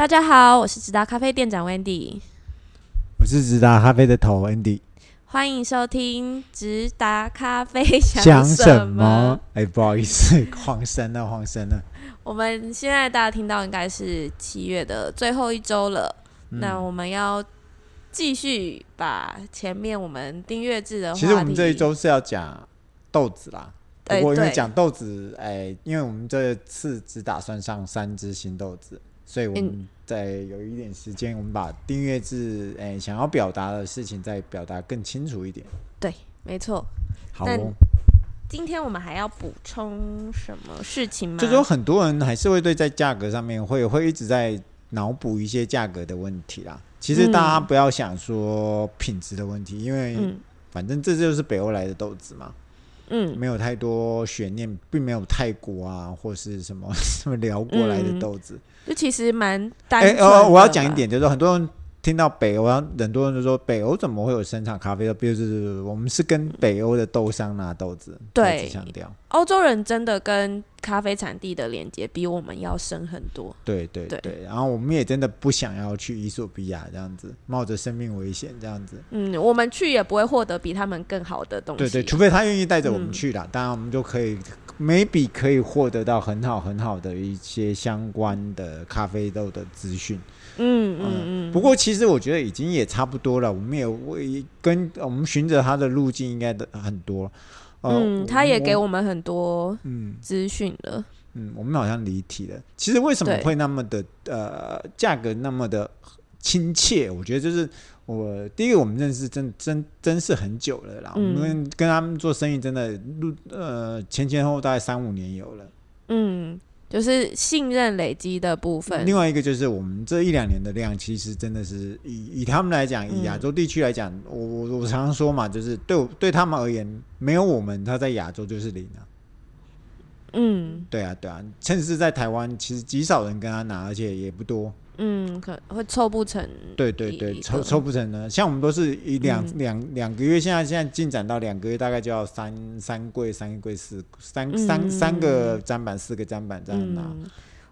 大家好，我是直達咖啡店長 Wendy，我是直達咖啡的頭 Wendy。歡迎收聽直達咖啡想什麼？講什麼？哎、欸，不好意思，慌神了，慌神了。我們現在大家聽到應該是七月的最後一周了，嗯，那我們要繼續把前面我們訂閱制的，其實我們這一周是要講豆子啦。不過因為講豆子，哎、欸，因為我們這次只打算上三隻新豆子。所以我們再有一點時間，我們把訂閱制、欸欸、想要表達的事情再表達更清楚一點。對，沒錯。好、哦，今天我們還要補充什麼事情嗎？就是很多人還是會對在價格上面會會一直在腦補一些價格的問題啦。其實大家不要想說品質的問題、嗯，因為反正這就是北歐來的豆子嘛。嗯，沒有太多懸念，並沒有泰國啊，或是什麼什麼聊過來的豆子，嗯、就其實蠻單純的。哎、欸，哦，我要講一點，就是很多人。聽到北歐，很多人都說北歐怎麼會有生產咖啡豆？比如說是我們是跟北歐的豆商拿豆子，對，強調歐洲人真的跟咖啡產地的連接比我們要深很多。對對對，對，然後我們也真的不想要去伊索比亞這樣子，冒着生命危險這樣子。嗯，我們去也不會獲得比他們更好的東西。對對，對，除非他願意帶着我們去啦、嗯，當然我們就可以，maybe 可以獲得到很好很好的一些相關的咖啡豆的資訊。嗯嗯嗯，不過其實我覺得已經也差不多了，我們也，我也跟我們循着他的路徑應該很多、呃，嗯，他也給我們很多嗯資訊了嗯。嗯，我們好像離題了。其實為什麼會那麼的呃價格那麼的親切？我覺得就是我第一個我們認識真真真是很久了啦、嗯，我們跟他們做生意真的路呃前前後後大概三五年有了。嗯。就是信任累積的部分。另外一個就是，我們這一兩年的量，其實真的是以以他們來講，以亞洲地區來講，嗯、我我我常常說嘛，就是對對他們而言，沒有我們，他在亞洲就是零、啊、嗯，對啊，對啊，甚至在台灣，其實極少人跟他拿，而且也不多。嗯，可會湊不成。對對對，湊湊不成呢。像我們都是一兩、嗯、兩兩個月，現在現在進展到兩個月，大概就要三三櫃三櫃四三三、嗯、三個砧板四個砧板這樣拿、啊嗯，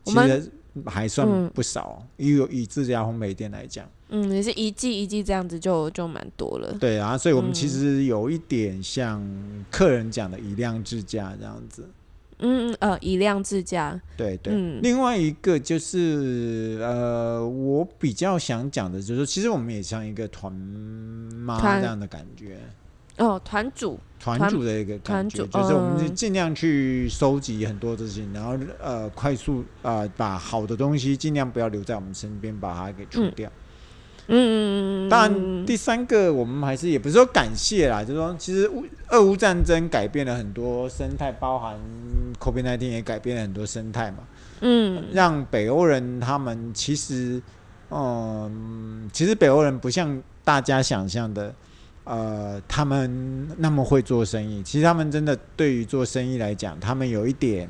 其實還算不少。以、嗯、以自家烘焙店來講，嗯，也是一季一季這樣子就就蠻多了。對啊，所以我們其實有一點像客人講的以量制價這樣子。嗯呃，以量制價對對、嗯，另外一個就是呃，我比較想講的就是，其實我們也像一個團媽這樣的感覺哦，團主團主的一個感覺，團就是我們是盡量去收集很多東西、嗯，然後呃，快速呃，把好的東西盡量不要留在我們身邊，把它給除掉。嗯嗯，當然，第三個我們還是也不是說感謝啦，就是說其實俄烏戰爭改變了很多生態，包含 COVID-19 也改變了很多生態嘛。嗯，讓北歐人他們其實，嗯、呃，其實北歐人不像大家想象的，呃，他們那麼會做生意。其實他們真的對於做生意來講，他們有一點，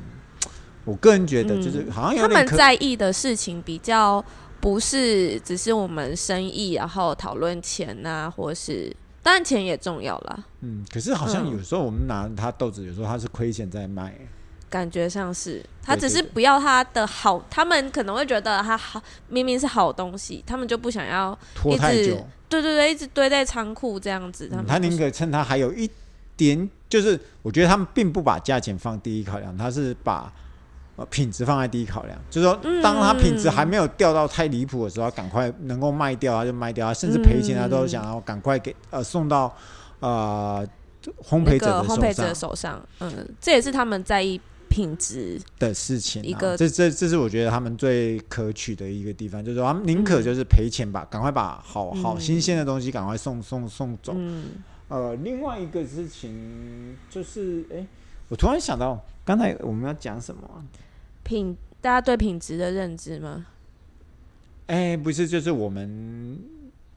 我個人覺得就是好像有點、嗯、他們在意的事情比較。不是，只是我們生意，然後討論錢吶、啊，或是當然錢也重要啦。嗯，可是好像有時候我們拿他豆子，嗯、有時候他是虧錢在賣，感覺像是他只是不要他的好，對對對，他們可能會覺得他好，明明是好東西，他們就不想要拖太久。對對對，一直堆在倉庫這樣子，嗯、他們就是、嗯、他寧可趁他還有一點，就是我覺得他們並不把價錢放第一考量，他是把。品質放在第一考量，就是說，當他品質還沒有掉到太離譜的時候，趕、嗯、快能夠賣掉他就賣掉啊，甚至賠錢、嗯、他都想要趕快給呃送到呃烘焙者的手上。那個、烘焙者手上，嗯，這也是他們在意品質的事情、啊。這這這是我覺得他們最可取的一個地方，就是說他們寧可就是賠錢吧，嗯、趕快把好好新鮮的東西趕快送送送走、嗯。呃，另外一個事情就是，哎，我突然想到，剛才我們要講什麼？品，大家對品質的認知嗎？哎，不是，就是我們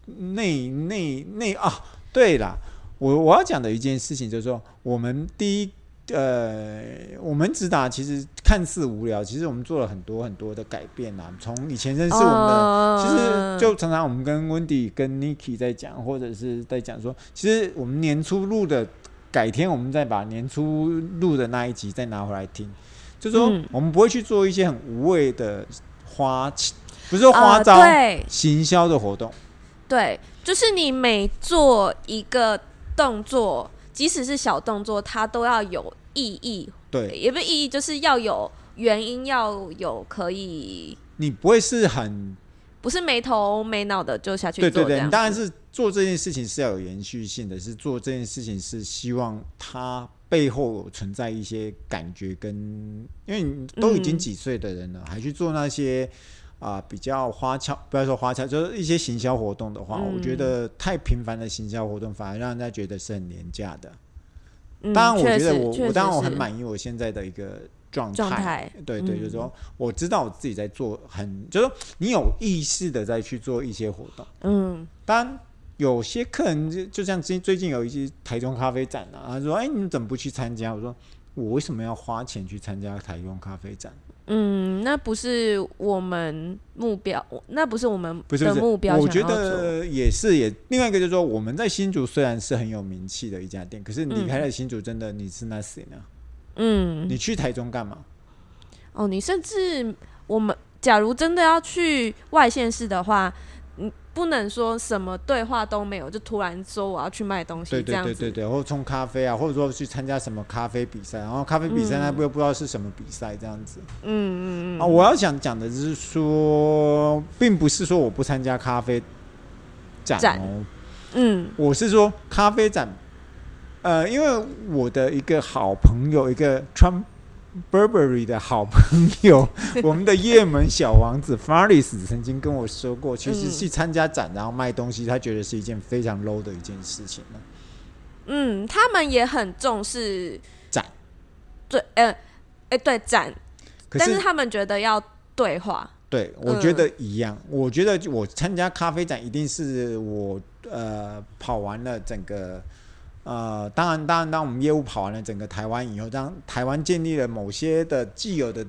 那那那啊，對啦，我我要講的一件事情就是說，我們第一，呃，我們直達其實看似無聊，其實我們做了很多很多的改變啦。從以前認識我們的、嗯，其實就常常我們跟溫迪跟 Nikki 在講，或者是在講說，其實我們年初錄的，改天我們再把年初錄的那一集再拿回來聽。就是說我們不會去做一些很無謂的花，不是說花招、呃、行銷的活動。對，就是你每做一個動作，即使是小動作，它都要有意義。對，也不是意義，就是要有原因，要有可以。你不會是很不是沒頭沒腦的就下去做。對對，對對，你當然是做這件事情是要有延續性的，是做這件事情是希望它。背後存在一些感覺，跟因為你都已經幾歲的人了，還去做那些啊比較花俏，不要說花俏，就是一些行銷活動的話，我覺得太頻繁的行銷活動反而讓人家覺得是很廉價的。當然，我覺得我我當然我很滿意我現在的一個狀態，對對，就是說我知道我自己在做，很就是說你有意識的在去做一些活動，嗯，但。有些客人就就像最最近有一些台中咖啡展啊，他說：“哎、欸，你怎麼不去參加？”我說：“我為什麼要花錢去參加台中咖啡展？”嗯，那不是我們目標，那不是我們的不是目標。我覺得也是也，也另外一個就是說，我們在新竹雖然是很有名氣的一家店，可是你開了新竹，真的你是那誰呢？嗯，你去台中幹嘛？哦，你甚至我們假如真的要去外縣市的話。不能說什麼對話都沒有，就突然說我要去賣東西，對對對對對，或沖咖啡啊，或者說去參加什麼咖啡比賽，然後咖啡比賽呢，不又不知道是什麼比賽、嗯、這樣子。嗯嗯嗯。啊，我要想講的就是說，並不是說我不參加咖啡展哦展，嗯，我是說咖啡展，呃，因為我的一個好朋友一個穿。Burberry 的好朋友， 我們的葉門小王子 Faris 曾經跟我說過，其實去參加展然後賣東西，他覺得是一件非常 low 的一件事情。嗯，他們也很重視展，對，呃、欸，哎、欸，對展，但是他們覺得要對話。對，我覺得一樣。嗯、我覺得我參加咖啡展，一定是我呃跑完了整個。呃，當然，當然，當我們業務跑完了整個台灣以後，當台灣建立了某些的既有的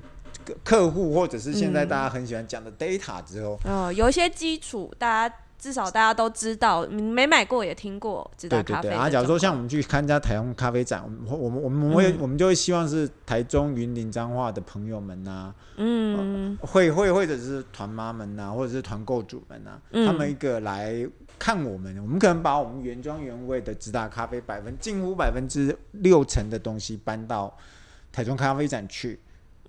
客戶，或者是現在大家很喜歡講的 data 之後，嗯，哦，有一些基礎，大家。至少大家都知道，你沒買過也聽過直達咖啡。對，對，對、啊。假如說像我們去看家台中咖啡展，我、我們、我們會、我、嗯、們、我們就會希望是台中雲林彰化的朋友們吶、啊，嗯、呃、會會或者是團媽們吶、啊，或者是團購主們吶、啊，嗯，他們一個來看我們，我們可能把我們原裝原味的直達咖啡，百分近乎百分之六成的東西搬到台中咖啡展去。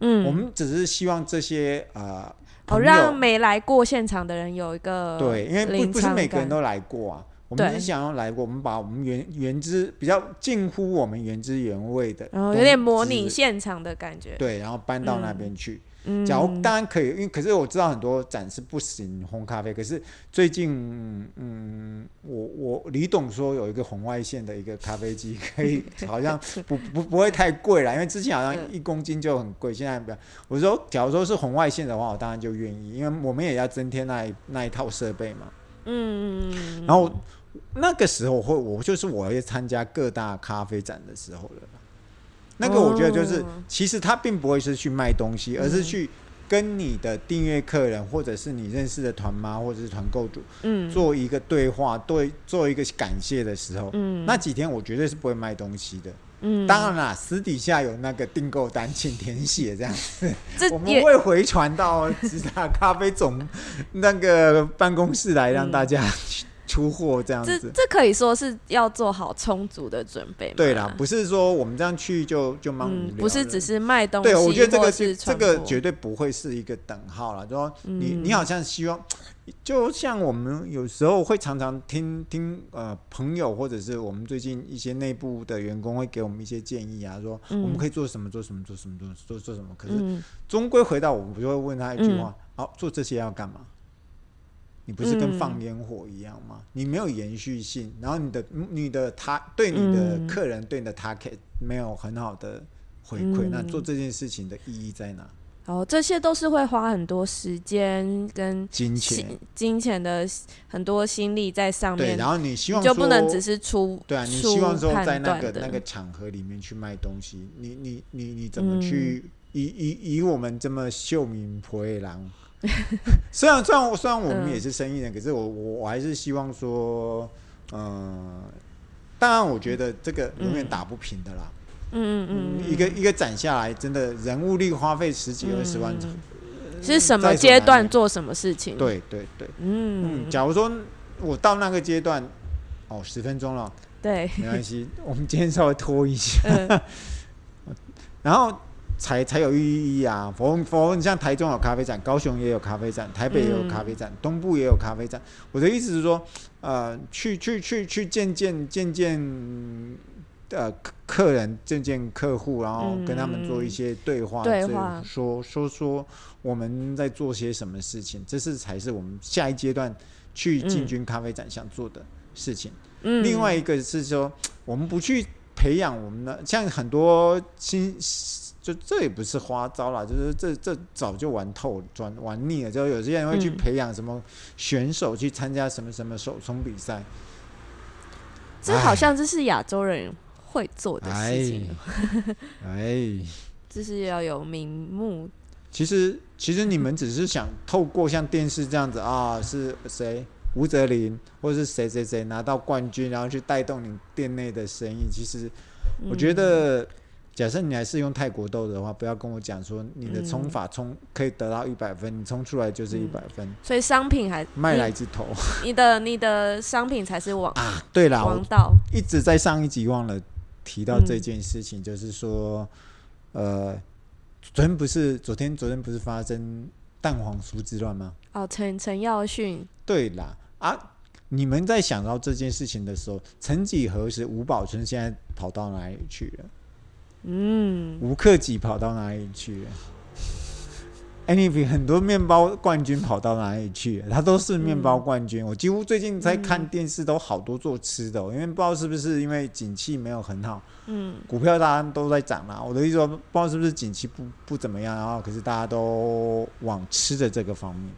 嗯，我們只是希望這些呃，好、哦、讓沒來過現場的人有一個對，因為不不是每個人都來過啊。我們是想要來過，我們把我們原原汁比較近乎我們原汁原味的，然後有點模擬現場的感覺。對，然後搬到那邊去。嗯嗯，假如當然可以，因為可是我知道很多展是不行烘咖啡，可是最近嗯，我我李董說有一個紅外線的一個咖啡機，可以好像不 不不，不，不會太貴了，因為之前好像一公斤就很貴，現在不要。我說假如說是紅外線的話，我當然就願意，因為我們也要增添那一那一套設備嘛。嗯，然後那個時候我會我就是我要參加各大咖啡展的時候了。那個我覺得就是、哦，其實他並不會是去賣東西，嗯、而是去跟你的訂閱客人或者是你認識的團媽或者是團購主，嗯，做一個對話，對，做一個感謝的時候，嗯，那幾天我絕對是不會賣東西的，嗯，當然啦，私底下有那個訂購單請填寫這樣子， 我們會回傳到直達咖啡總那個辦公室來讓大家、嗯。 出貨這樣子，這，這這可以說是要做好充足的準備嗎？對啦，不是說我們這樣去就就忙。嗯，不是只是賣東西。對，我覺得這個是這個絕對不會是一個等號了。就說你你好像希望，就像我們有時候會常常聽聽呃朋友或者是我們最近一些內部的員工會給我們一些建議啊，說我們可以做什麼做什麼做什麼做做做什麼。可是終歸回到我們就會問他一句話。嗯，好，做這些要幹嘛？你不是跟放煙火一樣嗎？嗯。你沒有延續性，然後你的你的他對你的客人、嗯、對你的 target 沒有很好的回饋、嗯，那做這件事情的意義在哪？哦，這些都是會花很多時間跟金錢，金錢的很多心力在上面。對，然後你希望你就不能只是出對啊。你希望說在那個那個場合裡面去賣東西，你你你你怎麼去以、嗯、以以我們這麼秀名婆姨郎？ 雖然雖然雖然我們也是生意人，嗯、可是我我，我還是希望說，嗯、呃，當然我覺得這個永遠打不平的啦。嗯嗯嗯，一個一個攢下來，真的人物力花費十幾二十萬、嗯嗯，是什麼階段做什麼事情。對對對，嗯，嗯嗯，假如說我到那個階段，哦，十分鐘了，對，沒關係， 我們今天稍微拖一下，嗯、 然後。才才有意義啊！否否，你像台中有咖啡展，高雄也有咖啡展，台北也有咖啡展，嗯，東部也有咖啡展。我的意思是說，呃，去去去去見見見見呃，客人，見見客戶，然後跟他們做一些對話，對、嗯、話說說說我們在做些什麼事情，這是才是我們下一階段去進軍咖啡展想做的事情，嗯。另外一個是說，我們不去培養我們的，像很多新。就這也不是花招啦，就是這這早就玩透、玩玩膩了。之後有些人會去培養什麼選手去參加什麼什麼手沖比賽、嗯，這好像這是亞洲人會做的事情。哎， 這是要有名目。其實，其實你們只是想透過像電視這樣子、嗯、啊，是誰吳澤林，或者是誰誰誰拿到冠軍，然後去帶動你店內的生意。其實，我覺得。嗯假設你還是用泰國豆的話，不要跟我講說你的沖法沖可以得到一百分，嗯、你沖出來就是一百分、嗯。所以商品還賣來之頭、嗯，你的你的商品才是王啊！對啦，王道，我一直在上一集忘了提到這件事情，嗯、就是說，呃，昨天不是昨天昨天不是發生蛋黃酥之亂嗎？哦，陳陳耀訓對啦，啊，你們在想到這件事情的時候，曾幾何時吳寶春現在跑到哪裡去了？嗯，吳克己跑到哪裡去？any、anyway, 比很多麵包冠軍跑到哪裡去？他都是面包冠軍、嗯。我幾乎最近在看電視都好多做吃的、哦，因為不知道是不是因為景氣沒有很好。嗯，股票大家都在漲啦、啊。我的意思說，不知道是不是景氣不不怎麼樣、啊，然後可是大家都往吃的這個方面。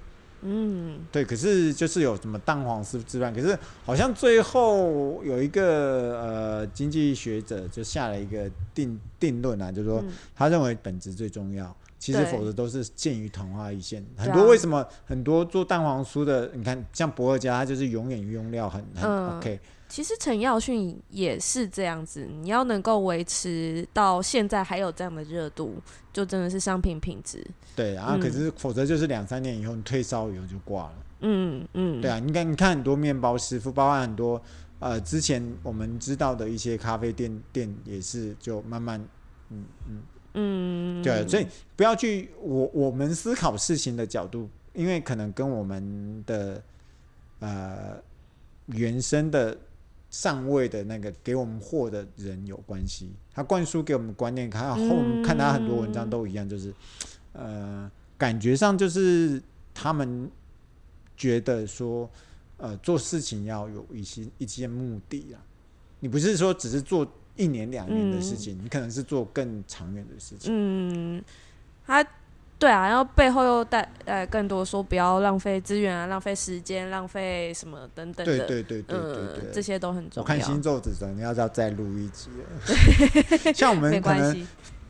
嗯，對，可是就是有什麼蛋黃是之亂，可是好像最後有一個呃經濟學者就下了一個定定論啊，就是說他認為本質最重要。嗯其實，否則都是鑒於曇花一現。很多為什麼很多做蛋黃酥的，你看像博爾家，他就是永遠用料很很 OK、嗯。其實陳耀迅也是這樣子，你要能夠維持到現在還有這樣的熱度，就真的是商品品質。對啊，然、嗯、後可是否則就是兩三年以後，你退燒以後就掛了。嗯嗯，對啊，你看你看很多麵包師傅，包括很多呃之前我們知道的一些咖啡店店也是，就慢慢嗯嗯。嗯，對，所以不要去我我們思考事情的角度，因為可能跟我們的呃原生的上位的那個給我們貨的人有關係，他灌輸給我們觀念，看後看他很多文章都一樣，就是、嗯、呃感覺上就是他們覺得說呃做事情要有一些一些目的啊，你不是說只是做。一年兩年的事情，嗯，你可能是做更長遠的事情。嗯，他對啊，然後背後又帶呃更多說不要浪費資源啊，浪費時間，浪費什麼等等的。對對對對對，對，對、呃、這些都很重要。我看星座指針，你要不要再錄一集？ 像我們 沒關係。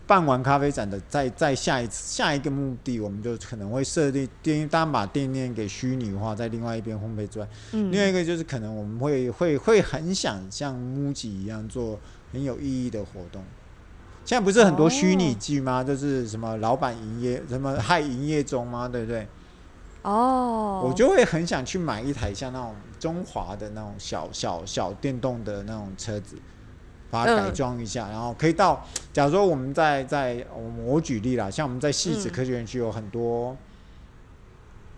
辦完咖啡展的，再再下一次下一個目的，我們就可能會設立店，當然把店面給虛擬化，在另外一邊烘焙之外、嗯，另外一個就是可能我們會會會很想像 MUJI 一樣做很有意義的活動。現在不是很多虛擬劇嗎？哦、就是什麼老闆營業什麼害營業中嗎？對不對？哦，我就會很想去買一台像那種中華的那種小小小、小電動的那種車子。把它改裝一下、嗯，然後可以到，假如說我們在在，我我舉例啦，像我們在新竹科學園區有很多。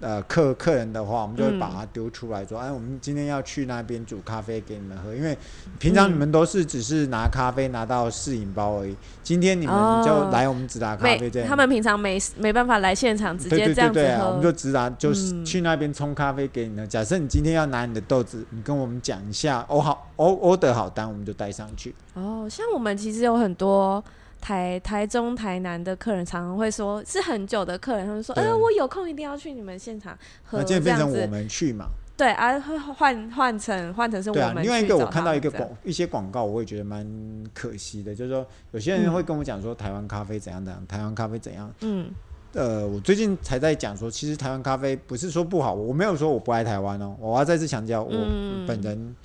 呃，客客人的話，我們就會把它丟出來說，說、嗯，哎，我們今天要去那邊煮咖啡給你們喝，因為平常你們都是只是拿咖啡拿到試飲包而已，今天你們就來我們直達咖啡店，哦。他們平常沒沒辦法來現場直接這樣子喝。對對對，對、啊、我們就直達，就是去那邊沖咖啡給你喝。假設你今天要拿你的豆子，你跟我們講一下，哦好，哦 order 好單，我們就帶上去。哦，像我們其實有很多。台台中台南的客人常常會說，是很久的客人，他們說：“呃，我有空一定要去你們現場喝。”那現在變成我們去嘛？對啊，換換成換成是我們。對啊，另外一個我看到一個廣一些廣告，我會覺得蠻可惜的，就是說有些人會跟我講說台灣咖啡怎樣怎樣，台灣咖啡怎樣。嗯。呃，我最近才在講說，其實台灣咖啡不是說不好，我沒有說我不愛台灣哦。我要再次強調，我本人，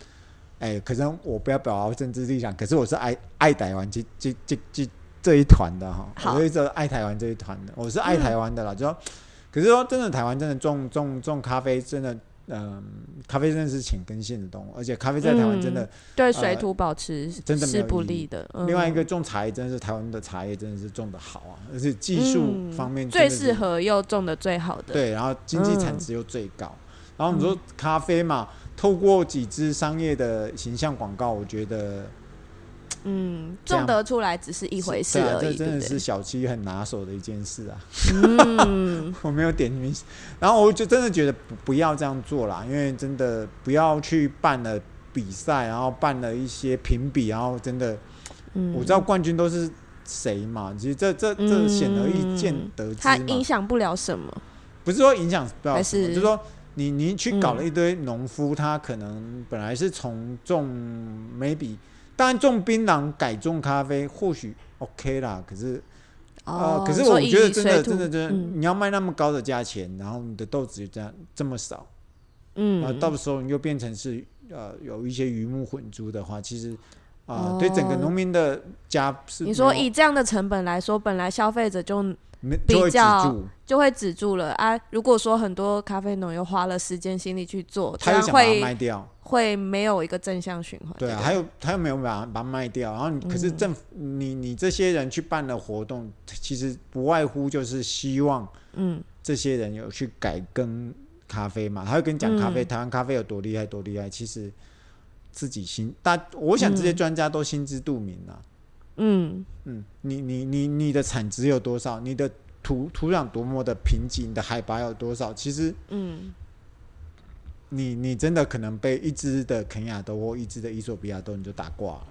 哎、嗯欸，可能我不要表達政治立場，可是我是愛愛台灣，這這這這。這一團的哈，我一直愛台灣這一團的，我是愛台灣的啦。嗯、就說可是說真的，台灣真的種種種咖啡真的，嗯、呃，咖啡真的是淺根性的動物，而且咖啡在台灣真的、嗯呃、對水土保持是真的是不利的、嗯。另外一個種茶葉，真的是台灣的茶葉真的是種的好啊，而且技術方面、嗯、最適合又種的最好的。對，然後經濟產值又最高。嗯、然後你說咖啡嘛、嗯，透過幾支商業的形象廣告，我覺得。嗯，種得出來只是一回事而已。這啊、這真的是小七很拿手的一件事啊。嗯， 我沒有點名。然後我就真的覺得不不要這樣做啦，因為真的不要去辦了比賽，然後辦了一些評比，然後真的、嗯，我知道冠軍都是誰嘛。其實這這這顯而易見得，他、嗯、影響不了什麼。不是說影響不了什麼，還是就是說你你去搞了一堆農夫、嗯，他可能本來是從種 maybe。當然，種檳榔改種咖啡，或許 OK 啦。可是，啊、oh, 呃，可是我覺得真的、真的、真的、嗯，你要賣那麼高的價錢，然後你的豆子就這樣這麼少，嗯，啊、呃，到時候你又變成是呃有一些魚目混珠的話，其實。啊，對整個農民的家是、哦、你說以這樣的成本來說，本來消費者就比較就會止住就會止住了啊。如果說很多咖啡農又花了時間、心力去做，他又想把它賣掉會，會沒有一個正向循環。對啊，對他又他又沒有把把它賣掉，然後你可是政府、嗯、你你這些人去辦的活動，其實不外乎就是希望嗯，這些人有去改跟咖啡嘛，他會跟你講咖啡、嗯、台灣咖啡有多厲害、多厲害，其實。自己心大，我想這些專家都心知肚明了、啊。嗯嗯，你你你你的產值有多少？你的土土壤多麼的貧瘠？你的海拔有多少？其實，嗯，你你真的可能被一只的肯亞豆或一只的伊索比亞豆，你就打掛了。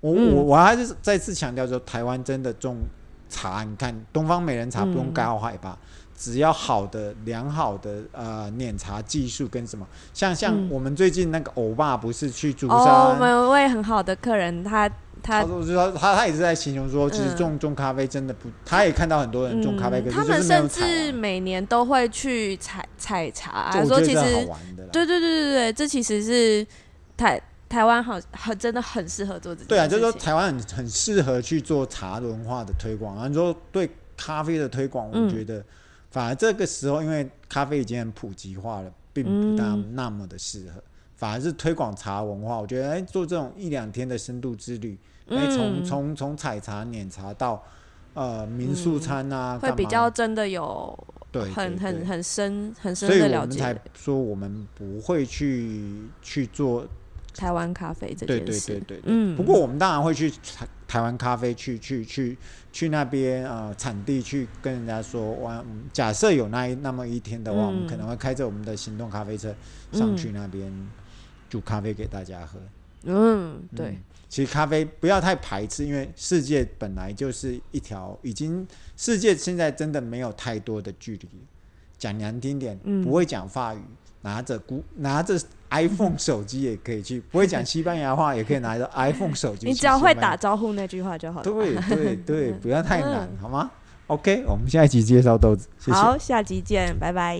我、嗯、我我還是再次強調說，台灣真的種茶，你看東方美人茶不用高海拔。嗯只要好的、良好的呃碾茶技術跟什麼，像像我們最近那個歐巴不是去竹山，哦，我們有位很好的客人，他他，他、嗯、他，他也是在形容說，其實種種、嗯、咖啡真的不，他也看到很多人種咖啡，跟、嗯。他們甚至每年都會去採採茶啊，就我是就說其實對對對對對，這其實是台台灣好很真的很適合做這些，對啊，就是說台灣很很適合去做茶文化的推廣，然後、啊、說對咖啡的推廣，我覺得。嗯反而這個時候，因為咖啡已經很普及化了，並不大那麼的適合、嗯。反而是推廣茶文化，我覺得哎、欸，做這種一兩天的深度之旅，哎、嗯，從從從採茶、碾茶到、呃、民宿餐啊、嗯，會比較真的有對、對、對，很很很深很深的了解。所以我們才說我們不會去去做台灣咖啡這件事。對對、對、對對，嗯。不過我們當然會去台台灣咖啡去去去。去去那邊啊、呃，產地去跟人家說，哇、嗯，假設有那一那麼一天的話，嗯、我們可能會開着我們的行動咖啡車上去那邊煮咖啡給大家喝嗯。嗯，對，其實咖啡不要太排斥，因為世界本來就是一條，已經世界現在真的沒有太多的距離。講難聽點，不會講法語。嗯拿着古拿着 iPhone 手機也可以去，不會講西班牙話 也可以拿着 iPhone 手機。你只要會打招呼那句話就好了。對對對，不要太難， 好嗎？OK，我們下一集介紹豆子，謝謝，好，下集見，拜拜。